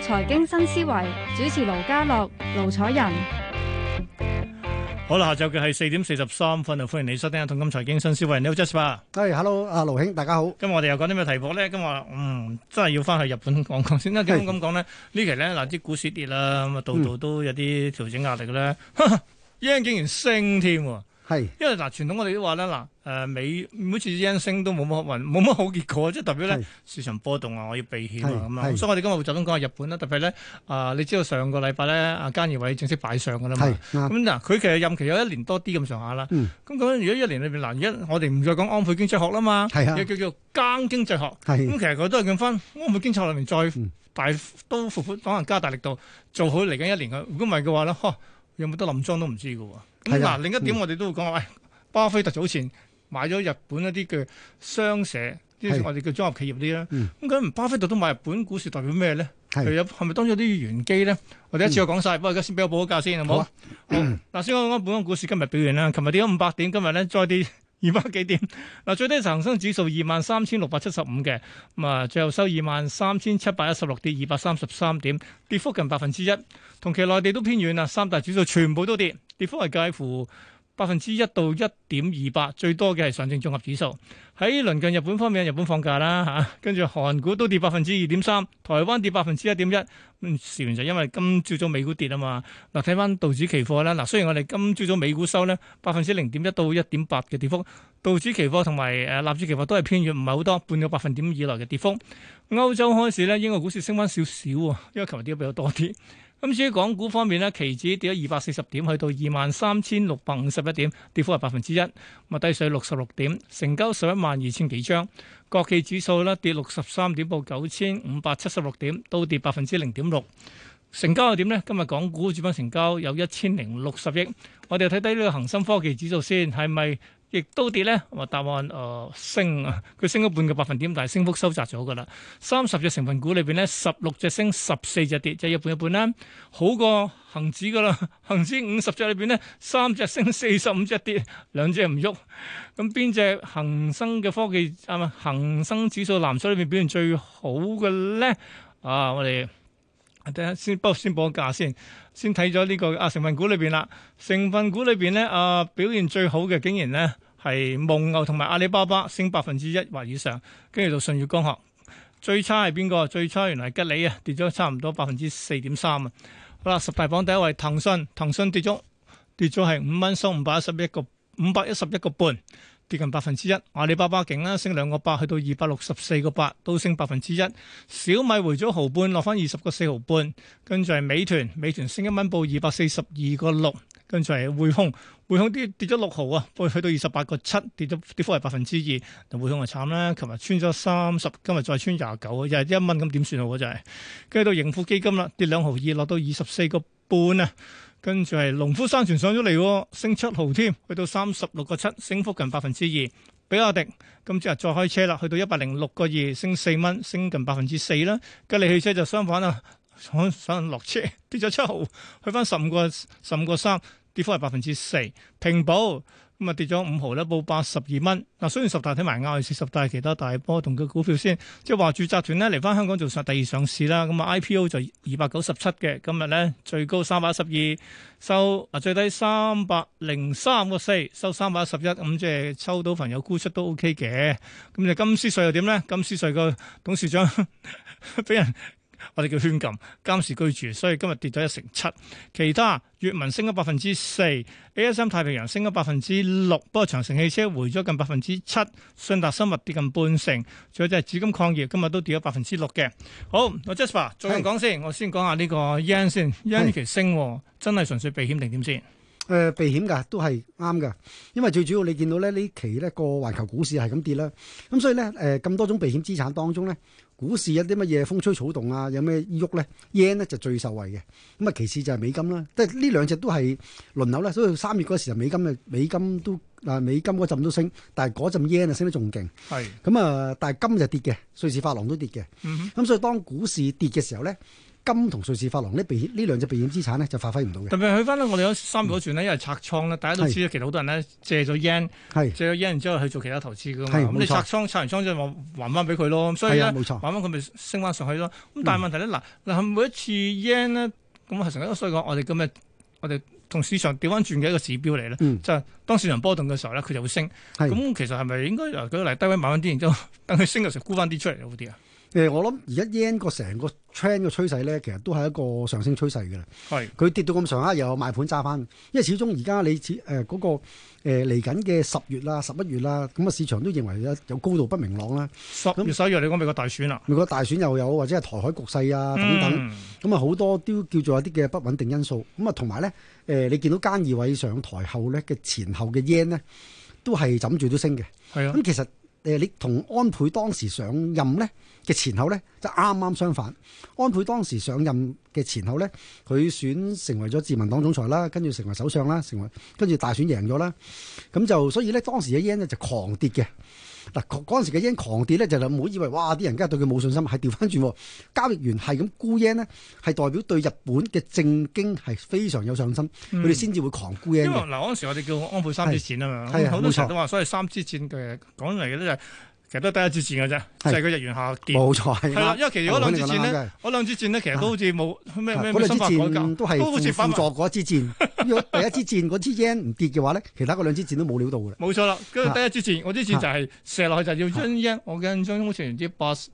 財經新思維主持盧家樂、盧楚仁，好啦，下晝嘅係四點四十三分，又歡迎你收聽《通、啊、金財經新思維》，你好 just 吧，係、hey,，hello，阿盧兄，大家好，今日我哋又講啲咩題目咧？今日嗯，真係要翻去日本講講先，因為咁講咧，的期呢期咧嗱，啲股市跌啦，咁啊度度都有啲調整壓力嘅咧，依、嗯、竟然升添。因為嗱傳統我哋都話咧嗱，誒美每次 yen 升都冇乜運，冇乜好結果，即係代表咧市場波動啊，我要避險啊咁啊，所以我哋今日會集中講下日本啦，特別咧啊，你知道上個禮拜咧啊菅義偉正式擺上噶啦嘛，咁嗱佢其實任期有一年多啲咁上下啦，咁咁如果一年裏邊嗱，而家我哋唔再講安倍經濟學啦嘛，又叫做菅經濟學，咁其實佢都係咁翻安倍經濟學裏面再大都復復，可能加大力度做好嚟緊一年嘅，如果唔係嘅話咧，有冇得臨裝都唔知嘅喎。咁嗱、嗯啊，另一點、嗯、我哋都會講話，誒、哎，巴菲特早前買咗日本一啲嘅商社，即是我哋叫綜合企業啲啦。咁咁、嗯啊、巴菲特都買日本股市，代表咩咧？係有係咪當咗啲玄機咧？我哋一次過講晒，不過而家先俾我補一價先，好冇？好嗱、啊嗯啊，先講講本港股市今日表現啦。琴日跌咗五百點，今日咧再跌二百幾點。嗱，最低上升指數二萬三千六百七十五嘅，咁啊，最後收二萬三千七百一十六，跌二百三十三點，跌幅近百分之一。同期內地都偏遠啦，三大指數全部都跌。跌幅係介乎百分之一到一點二八，最多嘅係上證綜合指數。喺鄰近日本方面，日本放假啦吓，啊，跟住韓股都跌百分之二點三，台灣跌百分之一點一。時、嗯、源就因為今朝早美股跌啊嘛。嗱，啊，睇翻道指期貨啦。嗱，啊，雖然我哋今朝早美股收呢百分之零點一到一點八嘅跌幅，道指期貨同埋誒納指期貨都係偏軟，唔係好多半個百分點以內嘅跌幅。歐洲開市呢，英國股市升翻少少啊，因為琴日跌比較多啲。咁至於港股方面呢，期指跌咗二百四十點，去到二萬三千六百五十一點，跌幅係百分之一，咁低水六十六點，成交十一萬二千幾張。國企指數呢，跌六十三點，報九千五百七十六點，都跌百分之零點六。成交係點呢？今日港股主板成交有一千零六十億。我哋睇睇呢個恒生科技指數先，係咪？亦都跌咧，話答案誒升啊，佢升咗半個百分點，但係升幅收窄咗噶啦。三十隻成分股裏邊咧，十六隻升，十四隻跌，就一半一半啦。好過恆指噶啦，恆指五十隻裏邊咧，三隻升，四十五隻跌，兩隻唔喐。咁邊隻恆生嘅科技啊嘛，恆生指數藍籌裏邊表現最好嘅咧啊，我哋。睇下先，不過先報個價先。先睇咗呢個啊，成分股裏邊啦，成分股裏邊咧啊，表現最好嘅竟然咧係蒙牛同埋阿里巴巴升，升百分之一或以上。跟住到舜宇光學，最差係邊個？最差原來係吉利啊，跌咗差唔多百分之四點三啊。好啦，十大榜第一位騰訊，騰訊跌咗跌咗係五蚊，收五百一十一個，五百一十一個半。接近百分之一，阿里巴巴勁啦，升兩個八，去到二百六十四個八，都升百分之一。小米回咗毫半，落翻,二十個四毫半。跟住係美團，美團升一蚊，報二百四十二個六。跟住係匯控，匯控跌跌咗六毫啊，去到二十八個七，跌咗跌幅係百分之二。匯控就慘啦，琴日穿咗三十，今日再穿廿九，一日一蚊咁點算好？就係。跟住到盈富基金啦，跌兩毫二，落到二十四個半啊。跟住係農夫山泉上咗嚟，升七毫添，去到三十六個七，升幅近百分之二。比亞迪今朝日再開車啦，去到一百零六個二，升四蚊，升近百分之四啦。吉利汽車就相反啦，想想落車，跌咗七毫，去翻十五個十五個三，3, 跌幅係百分之四。平保。今日跌咗五毫咧，報八十二蚊。嗱，雖然十大睇埋亞視十大其他大波動嘅股票先，即係華住集團咧嚟翻香港做上第二上市啦。咁啊 IPO 就二百九十七嘅，今日咧最高三百一十二，收啊最低三百零三個四，收三百一十一。咁即係抽到份有沽出都 OK 嘅。咁就金斯瑞又點咧？金斯瑞個董事長俾 人。我哋叫圈禁監視居住，所以今日跌咗一成七。其他粵文升咗百分之四，A. S. M. 太平洋升咗百分之六，不過長城汽車回咗近百分之七，順達生物跌近半成，仲有就係紫金礦業今日都跌咗百分之六嘅。好，Jessica，再講先，是我先講下呢個 yen 先，yen 呢期升，是真係純粹避險定點先？誒、呃、避險㗎，都係啱㗎。因為最主要你見到咧呢期呢個環球股市係咁跌啦，咁、嗯、所以咧誒咁多種避險資產當中咧，股市有啲乜嘢風吹草動啊？有咩喐咧？yen 咧就最受惠嘅。咁、嗯、啊，其次就係美金啦，即係呢兩隻都係輪流咧。所以三月嗰時候美金，美金啊，美金都嗱美金嗰陣都升，但係嗰陣 yen 啊升得仲勁。係咁啊，但係金就跌嘅，瑞士法郎都跌嘅。咁、嗯、哼所以當股市跌嘅時候咧。金同瑞士法郎呢避呢兩隻避險資產咧就發揮唔到嘅。特別去翻我哋嗰三條嗰轉咧，嗯、因為拆倉咧，大家都知其實好多人咧借咗 yen，是借咗 yen 之後去做其他投資㗎嘛。咁、嗯、你拆倉，拆完倉之後還翻俾佢咯。所以咧，還翻佢咪升翻上去咯。咁但係問題咧，嗱嗱每一次 yen 咧，咁係成日都所以講，我哋今日我哋同市場調翻轉嘅一個指標嚟咧，嗯、就當市場波動嘅時候咧，佢就會升。咁是、嗯、其實係咪應該由佢嚟低位買翻啲，然之後等佢升嘅時候沽翻啲出嚟好啲啊？誒、呃，我諗而家 yen 個成個 trend 嘅趨勢咧，其實都係一個上升趨勢嘅啦。係的，佢跌到咁上下，又有賣盤揸翻。因為始終而家你，誒、呃、嗰、那個誒嚟緊嘅十月啊、十一月啊，咁啊市場都認為有高度不明朗啦。十月十一月，那你講美國大選啦、啊，美國大選又有或者係台海局勢啊等等，咁啊好多都叫做有啲嘅不穩定因素。咁啊同埋咧，誒、呃、你見到菅義偉上台後咧嘅前後嘅 yen 呢，都係枕住都升嘅。係啊的，咁的其實。誒，你同安倍當時上任咧嘅前後呢，就啱啱相反。安倍當時上任嘅前後呢，佢選成為咗自民黨總裁啦，跟住成為首相啦，成為跟住大選贏咗啦，咁就所以呢，當時嘅 yen 咧就狂跌嘅。嗱，嗰陣時嘅英狂跌咧，就係唔好以為哇啲人梗係對佢冇信心，係調翻轉，交易員係咁沽 yen，係代表對日本嘅政經係非常有信心，佢哋先至會狂沽 yen。因為嗱，嗰陣時我哋叫安倍三支箭啊嘛，好是的多時都話，錯所謂三支箭嘅講嚟嘅呢就係。其實都係第一支箭嘅啫，就係個日元下跌。冇錯，係啦，因為其實嗰兩支箭咧，嗰兩支箭咧其實都好似冇咩咩冇辦法講緊。嗰兩支箭輔助嗰支箭，第一支箭嗰支 yen 唔跌嘅話咧，其他嗰兩支箭都冇料到嘅啦。冇錯啦，跟住第一支箭，我支箭就係射落去，就要將 yen，我印象好似唔知八十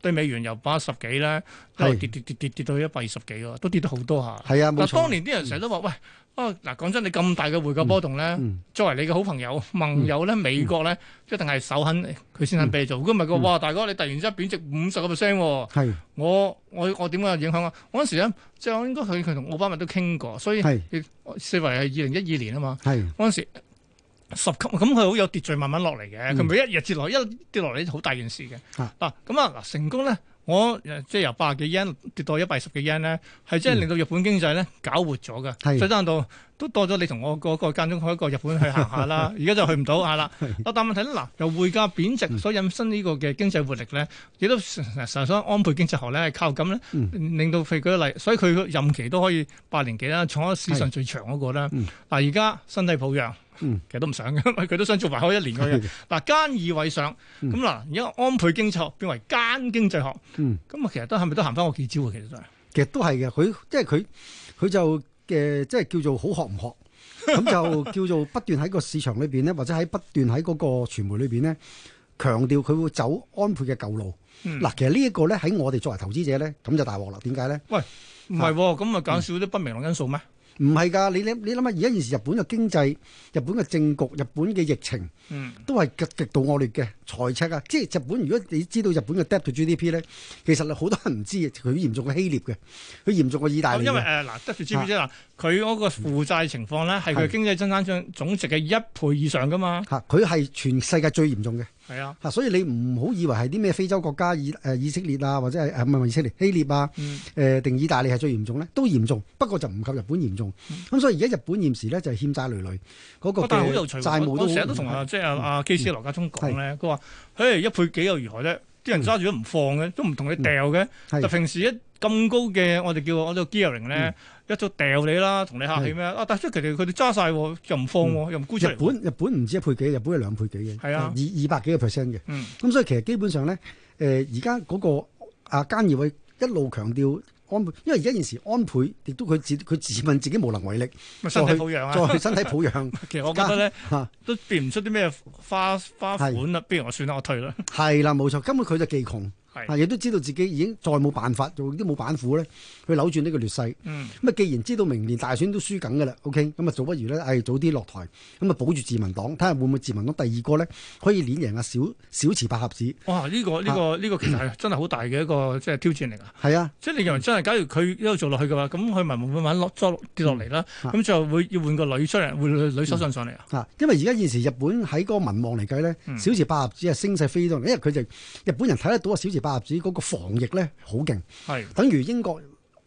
對美元由八十幾咧，係跌跌跌跌跌到一百二十幾喎，都跌得好多下。係啊，嗱，當年啲人成日都話喂。啊嗱，講真，你咁大嘅匯價波動咧，嗯嗯、作為你嘅好朋友盟友咧，嗯、美國咧一定係首肯佢先肯俾你做。如果唔係個，嗯、哇大哥，你突然之間貶值五十個 percent，我我我點解有影響啊？嗰陣時咧，即係我應該佢佢同奧巴馬都傾過，所以是四圍係二零一二年啊嘛。嗰陣是時十級咁，佢好有秩序慢慢落嚟嘅，佢唔一日接落一跌落嚟，好大件事嘅。嗱咁啊，嗱、啊、成功咧。我即係由八十幾日圓跌到一百十幾日圓咧，係真係令到日本經濟咧搞活咗嘅。所以等到都多咗你同我嗰、那個那個間中間一個日本去行下啦。而家 就去唔到啊啦。的但問題咧，嗱由匯價貶值所引申呢個嘅經濟活力咧，亦都常想安倍經濟學咧靠咁咧，令到佢舉個例，所以佢任期都可以八年幾啦，創咗史上最長嗰個啦。嗱而家身體抱恙。嗯，其實都唔想嘅，佢都想做埋好一年嘅。嗱，菅義偉上，咁嗱，而家安倍經濟學變為菅經濟學，咁啊、嗯，其實都係咪都行翻個舊招啊？其實都係，其實都係嘅。佢即係佢，佢就誒，即係叫做好學唔學，咁 就叫做不斷喺個市場裏邊咧，或者喺不斷喺嗰個傳媒裏邊咧，強調佢會走安倍嘅舊路。嗱，嗯、其實呢一個咧喺我哋作為投資者咧，咁就大鑊啦。點解咧？喂，唔係咁咪減少啲不明朗因素咩？唔係㗎，你諗你諗下，而家現時日本嘅經濟，日本嘅政局、日本嘅疫情，都係極極度惡劣嘅。財赤啊！即係日本，如果你知道日本嘅 debt to GDP 咧，其實好多人唔知，佢嚴重過希臘嘅，佢嚴重過意大利。因為誒嗱，debt to GDP 嗱，佢嗰個負債情況咧，係佢經濟增產總值嘅一倍以上噶嘛。嚇！佢係全世界最嚴重嘅。係啊。嚇！所以你唔好以為係啲咩非洲國家、意誒以色列啊，或者係誒唔係以色列希臘啊，誒定意大利係最嚴重咧，都嚴重，不過就唔及日本嚴重。咁所以而家日本現時咧就係欠債累累嗰個。但係好有趣，我成日都同啊即係啊啊經濟師羅家聰講咧，嘿，hey, 一倍幾又如何啫？啲人揸住都唔放嘅，都唔同你掉嘅。嗯、就平時一咁高嘅，我哋叫我哋叫 gearing 咧，一早掉你啦，同你客氣咩？是啊，但係即係佢哋佢哋揸曬，又唔放，嗯、又唔沽出嚟。日本日本唔止一倍幾，日本係兩倍幾嘅。係啊，二二百幾個 percent 嘅。嗯，咁所以其實基本上咧，誒而家嗰個啊菅義偉一路強調。安倍，因為而家現時安倍亦都佢自佢自問自己無能為力，再身體保養啊，再去身體保養。其實我覺得咧， 都變唔出啲咩花花款啦，是不如我算啦，我退啦。係啦，冇錯，根本佢就技窮。係啊！亦都知道自己已經再冇辦法，仲都冇板斧咧，去扭轉呢個劣勢。嗯。咁啊，既然知道明年大選都輸梗噶啦，OK，咁啊，早不如咧，誒，早啲落台，咁啊，保住自民黨，睇下會唔會自民黨第二個咧，可以碾贏阿小小池百合子。哇！呢個呢個呢個其實係真係好大嘅一個即係挑戰嚟㗎。係啊，即係你認為真係，假如佢一路做落去嘅話，咁佢咪慢慢會落跌落嚟啦？咁就會要換個女出嚟，換女首相上嚟啊！嚇！因為而家現時日本喺嗰個民望嚟計咧，小池百合子係聲勢飛多，因為佢哋日本人睇得到啊，小白盒子嗰個防疫咧好勁，是等如英國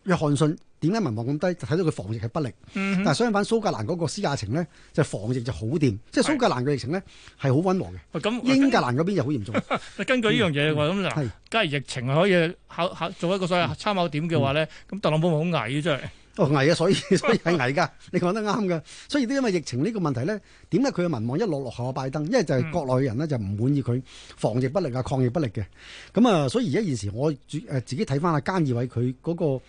約翰遜，點解民望咁低，就睇到佢防疫係不力。嗯、哼但相反蘇格蘭嗰個施雅晴咧就防疫就好掂，是即係蘇格蘭嘅疫情咧係好溫和嘅。咁那英格蘭嗰邊就好嚴重。 根據呢樣嘢話咁，嗱、嗯，假如疫情可以考考做一個所謂參考點嘅話咧，咁是、嗯、特朗普好危真啫。哦危啊，所以所以係危噶，你講得啱噶，所以都、啊、因為疫情呢個問題咧，點解佢嘅民望一落落後拜登？因為就係國內嘅人咧就唔、是、滿意佢防疫不力啊，抗疫不力嘅。咁、嗯、啊，所以而家現時我主誒、呃、自己睇翻阿菅義偉佢嗰個誒、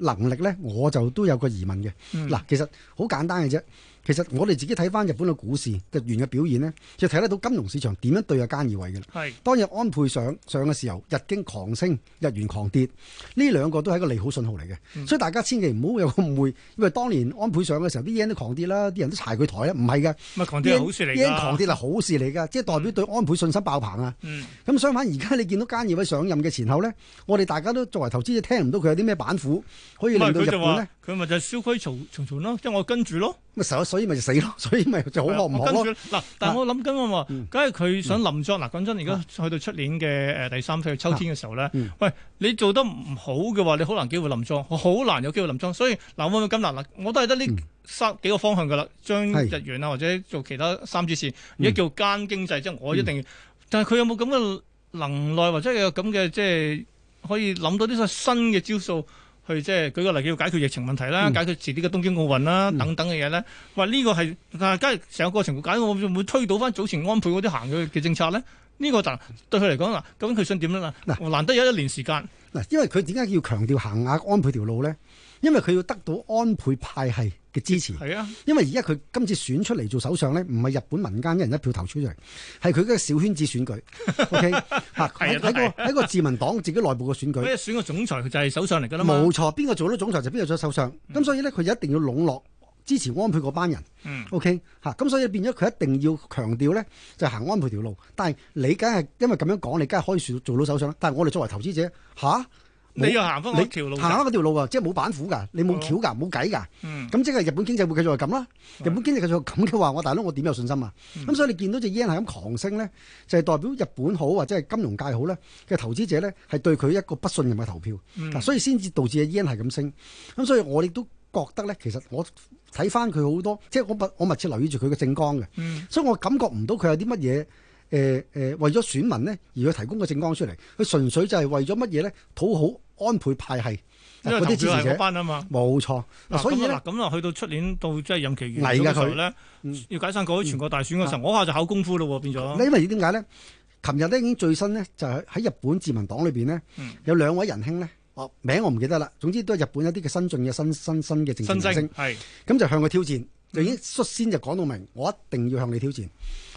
呃、能力咧，我就都有個疑問嘅。嗱、嗯，其實好簡單嘅啫。其實我哋自己睇翻日本嘅股市日元嘅表現咧，就睇得到金融市場點樣對阿菅義偉嘅啦。係是當日安倍上上嘅時候，日經狂升，日元狂跌，呢兩個都係一個利好信號嚟嘅。嗯、所以大家千祈唔好有個誤會，因為當年安倍上嘅時候，啲 yen 都狂跌啦，啲人都柴佢台啊，唔係㗎。咪狂跌係好事嚟，yen 狂跌係好事嚟㗎，嗯、即係代表對安倍信心爆棚啊。咁、嗯、相反，而家你見到菅義偉上任嘅前後咧，我哋大家都作為投資者聽唔到佢有啲咩板斧可以令到日本咧。佢咪就係燒虧重重重咯，即係我跟住咯。咪所以咪就死咯，所以咪就好落唔好咯。嗱，但係我諗緊啊，梗係佢想連莊嗱。講、啊、真，而家去到出年嘅誒第三季秋天嘅時候咧，啊啊嗯、喂，你做得唔好嘅話，你好難機會連莊，好難有機會連莊。所以嗱、啊，我諗咁嗱嗱，我都係得呢三幾個方向噶啦，啊嗯、將日圓啊或者做其他三支線，而家、啊嗯、叫菅經濟，即、就、係、是、我一定要。啊嗯、但係佢有冇咁嘅能耐，或者有咁嘅即係可以諗到啲新嘅招數？去即係舉個例子，要解決疫情問題啦，解決遲啲嘅東京奧運啦等等嘅嘢咧。話呢個係嗱，梗係成個過程解，我會唔會推倒翻早前安倍嗰啲行嘅嘅政策咧？呢個、呢個就對佢嚟講嗱，究竟佢想點啦？嗱，難得有一年時間嗱，因為佢點解要強調行下、啊、安倍條路咧？因為佢要得到安倍派系嘅支持，係啊，因為而家佢今次選出嚟做首相咧，唔係日本民間一人一票投出嚟，係佢嗰個小圈子選舉，OK 吓，喺個喺個自民黨自己內部嘅選舉，即係 選個總裁就係首相嚟噶啦，冇錯，邊個做到總裁就邊個做首相，咁、嗯、所以咧佢一定要籠絡支持安倍嗰班人，OK 吓，咁、嗯 OK？啊、所以變咗佢一定要強調咧，就係、行安倍條路，但係你梗係因為咁樣講，你梗係可以選做到首相啦，但係我哋作為投資者，吓、啊。你又行翻嗰條路，行翻嗰條路啊！即係冇板斧㗎，嗯、你冇橋㗎，冇計㗎。咁即係日本經濟會繼續係咁啦。日本經濟繼續咁嘅話，我大佬我點有信心啊？咁、嗯嗯、所以你見到隻 yen 係咁狂升咧，就係、是、代表日本好或者係金融界好咧嘅投資者咧，係對佢一個不信任嘅投票。嗯、所以先至導致隻 yen 係咁升。咁所以我亦都覺得咧，其實我睇翻佢好多，即、就、係、是、我密我密切留意住佢嘅政綱嘅。嗯、所以我感覺唔到佢有啲乜嘢誒誒，為咗選民咧而佢提供個政綱出嚟。佢純粹就係為咗乜嘢咧？討好。安倍派系，嗰啲係嗰班啊嘛，冇錯。啊、所以咧，咁啊，去到出年到即係任期完嘅時候呢咧，嗯、要解散嗰啲全國大選嘅時候，嗯、我下就考功夫咯，變咗。你因為點解咧？琴日咧已經最新咧，就喺、是、日本自民黨裏邊咧，嗯、有兩位仁兄咧，哦名我唔記得啦，總之都係日本一啲嘅新進嘅新新新嘅政治明星，係咁、嗯、就向佢挑戰，就已經率先就講到明，我一定要向你挑戰。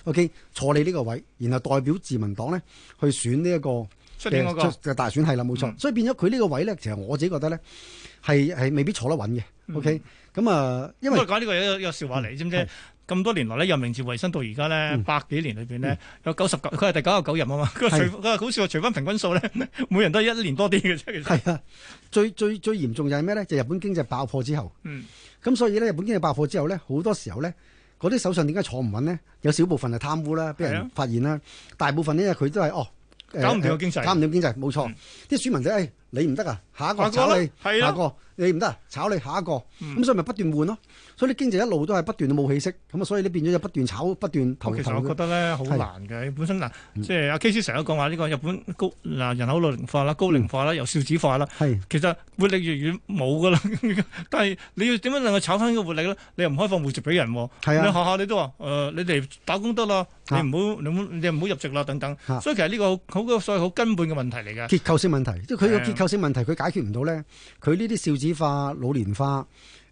OK，坐你呢個位，然後代表自民黨咧去選呢、這、一個。出邊嗰個大選係啦，冇錯。所以變咗佢呢個位咧，其實我自己覺得咧，係係未必坐得穩嘅。O K，咁啊，因為講呢個有有笑話嚟，知唔知？咁多年來咧，由明治維新到而家咧，百幾年裏邊咧，有九十九，佢係第九十九任啊嘛。佢個佢個好似話，除翻平均數咧，每人都係一年多啲嘅啫。其實係啊，最最最嚴重就係咩咧？就日本經濟爆破之後。嗯。咁所以咧，日本經濟爆破之後咧，好多時候咧，嗰啲首相點解坐唔穩咧？有少部分係貪污啦，俾人發現啦。大部分呢，佢都係哦。搞唔掂經濟、哎，搞唔掂經濟，冇錯錯，啲選、嗯、民都誒。哎你唔得啊，下一個炒你，下一個你唔得，炒你下一個，咁所以咪不斷換咯。所以你經濟一路都係不斷冇氣息，咁啊，所以你變咗就不斷炒、不斷投機。其實我覺得咧好難嘅，本身嗱，即係阿 KC 成日講話呢個日本高嗱人口老齡化啦、高齡化啦、又少子化啦。係，其實活力越嚟越冇噶啦。但係你要點樣能夠炒翻呢個活力咧？你又唔開放戶籍俾人喎？係啊，你學校你都話誒，你哋打工得啦，你唔好你唔好你唔好入籍啦等等。所以其實呢個好個所以好根本嘅問題嚟㗎，結構性問題，即係佢個結。有啲問題佢解決唔到咧，佢呢啲少子化、老年化，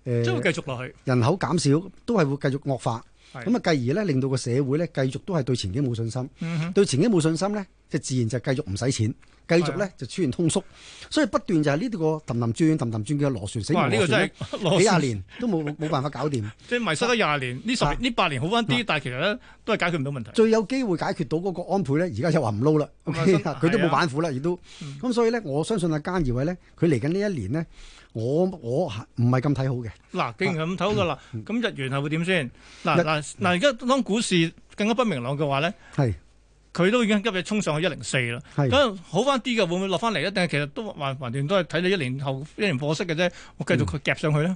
呃，都會繼續落去，人口減少都係會繼續惡化。咁啊，繼而咧，令到個社會咧，繼續都係對前景冇信心。對前景冇信心咧，即自然就繼續唔使錢，繼續咧就出現通縮。所以不斷就係呢個氹氹轉、氹氹轉嘅螺旋死螺旋，幾廿年都冇冇辦法搞掂。即係迷失咗廿年，呢十呢八年好翻啲，但係其實咧都係解決唔到問題。最有機會解決到嗰個安倍咧，而家就話唔撈啦。佢都冇板斧啦，亦都咁，所以咧，我相信阿菅義偉咧，佢嚟緊呢一年咧。我我唔係咁睇好嘅。嗱、啊，既然咁睇好嘅啦，咁、嗯、日元係會點先？嗱嗱嗱，而家一、啊、當股市更加不明朗嘅話咧，係佢是都已經急住衝上去是一零四啦。咁好翻啲嘅，會唔會落翻嚟，一定係其實都還還掂，都係睇到一年後一年貨息嘅啫。我繼續佢夾上去咧。誒、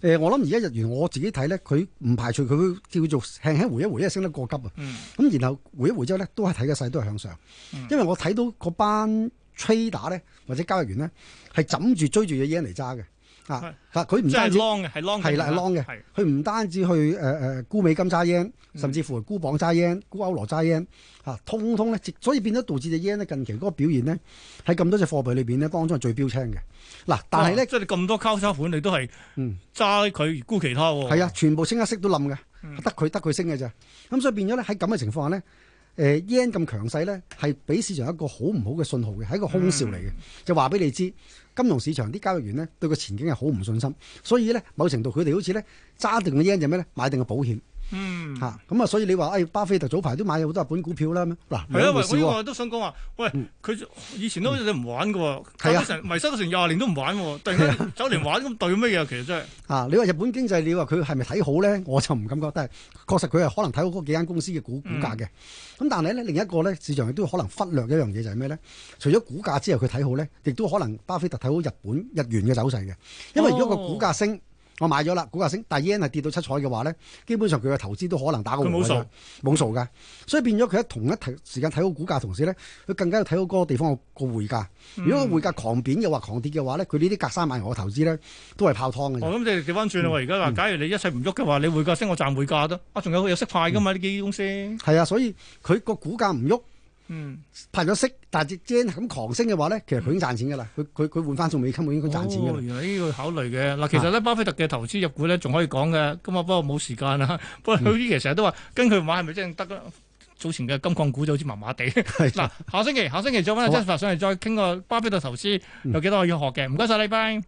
嗯呃，我諗而家日元我自己睇咧，佢唔排除佢會叫做輕輕回一回，升得過急啊。咁、嗯、然後回一回之後咧，都係睇嘅勢都係向上，嗯、因為我睇到嗰班。Trader a 咧或者交易員咧係枕住追住隻 yen 嚟揸嘅，啊啊佢唔單止係 long 嘅係 long 嘅，佢唔單止去誒誒、呃、沽美金揸 yen，甚至乎沽磅揸 yen、沽歐羅揸 yen，、啊、通通咧，所以變咗導致隻 yen 咧近期嗰個表現咧喺咁多隻貨幣裏邊咧當中係最標青嘅。嗱、啊，但係咧、啊，即係你咁多交叉款，你都係嗯揸佢沽其他喎、啊。係啊，全部升一息都冧嘅，得佢得佢升嘅咋。咁所以變咗咧喺咁嘅情況下咧。誒 yen 咁強勢呢，係俾市場一個好唔好嘅信號嘅，係一個空兆嚟嘅，就話俾你知，金融市場啲交易員呢，對個前景係好唔信心，所以呢，某程度佢哋好似呢，揸定個 yen 就咩呢，買定個保險。嗯吓，咁啊，所以你話，誒、哎，巴菲特早排都買咗好多日本股票啦。嗱，係啊，我都想講話，喂，佢以前都好似唔玩噶，嗯、迷失咗成廿年都唔玩，嗯、突然間走嚟玩咁對咩嘢？其實真係。啊，你話日本經濟，你話佢係咪睇好咧？我就唔感覺得，但係確實佢係可能睇好嗰幾間公司嘅股股價嘅。咁、嗯、但係咧，另一個咧，市場亦都可能忽略一樣嘢就係咩咧？除咗股價之後，佢睇好咧，亦都可能巴菲特睇好日本日元嘅走勢嘅，因為如果個股價升。嗯我買咗啦，股價升，但係日圓係跌到七彩嘅話咧，基本上佢嘅投資都可能打個回。佢冇數冇數噶，所以變咗佢喺同一時間睇好股價同時咧，佢更加要睇到嗰個地方個個匯價。嗯、如果匯價狂貶又或，狂跌嘅話咧，佢呢啲隔三萬嘅投資咧都係泡湯嘅。我咁即係調翻轉啦，而家嗱，嗯嗯、假如你一切唔喐嘅話，你匯價升，我賺匯價都啊，仲有佢有息派噶嘛？呢啲、嗯、公司係啊，所以佢個股價唔喐。嗯，拍咗息，但係隻 j 咁狂升嘅話咧，其實佢已經賺錢噶啦，佢佢佢換翻中美金，佢應該賺錢噶啦、哦。原來呢個考慮嘅嗱，其實咧巴菲特嘅投資入股咧仲可以講嘅，咁啊不過冇時間啦。嗯、是不過佢啲其實成日都話跟佢買係咪真係得咧？早前嘅金礦股就好似麻麻地。嗱的， 下星期下星期再翻嚟即刻上嚟再傾個巴菲特投資有幾多我要學嘅，唔該晒你，拜。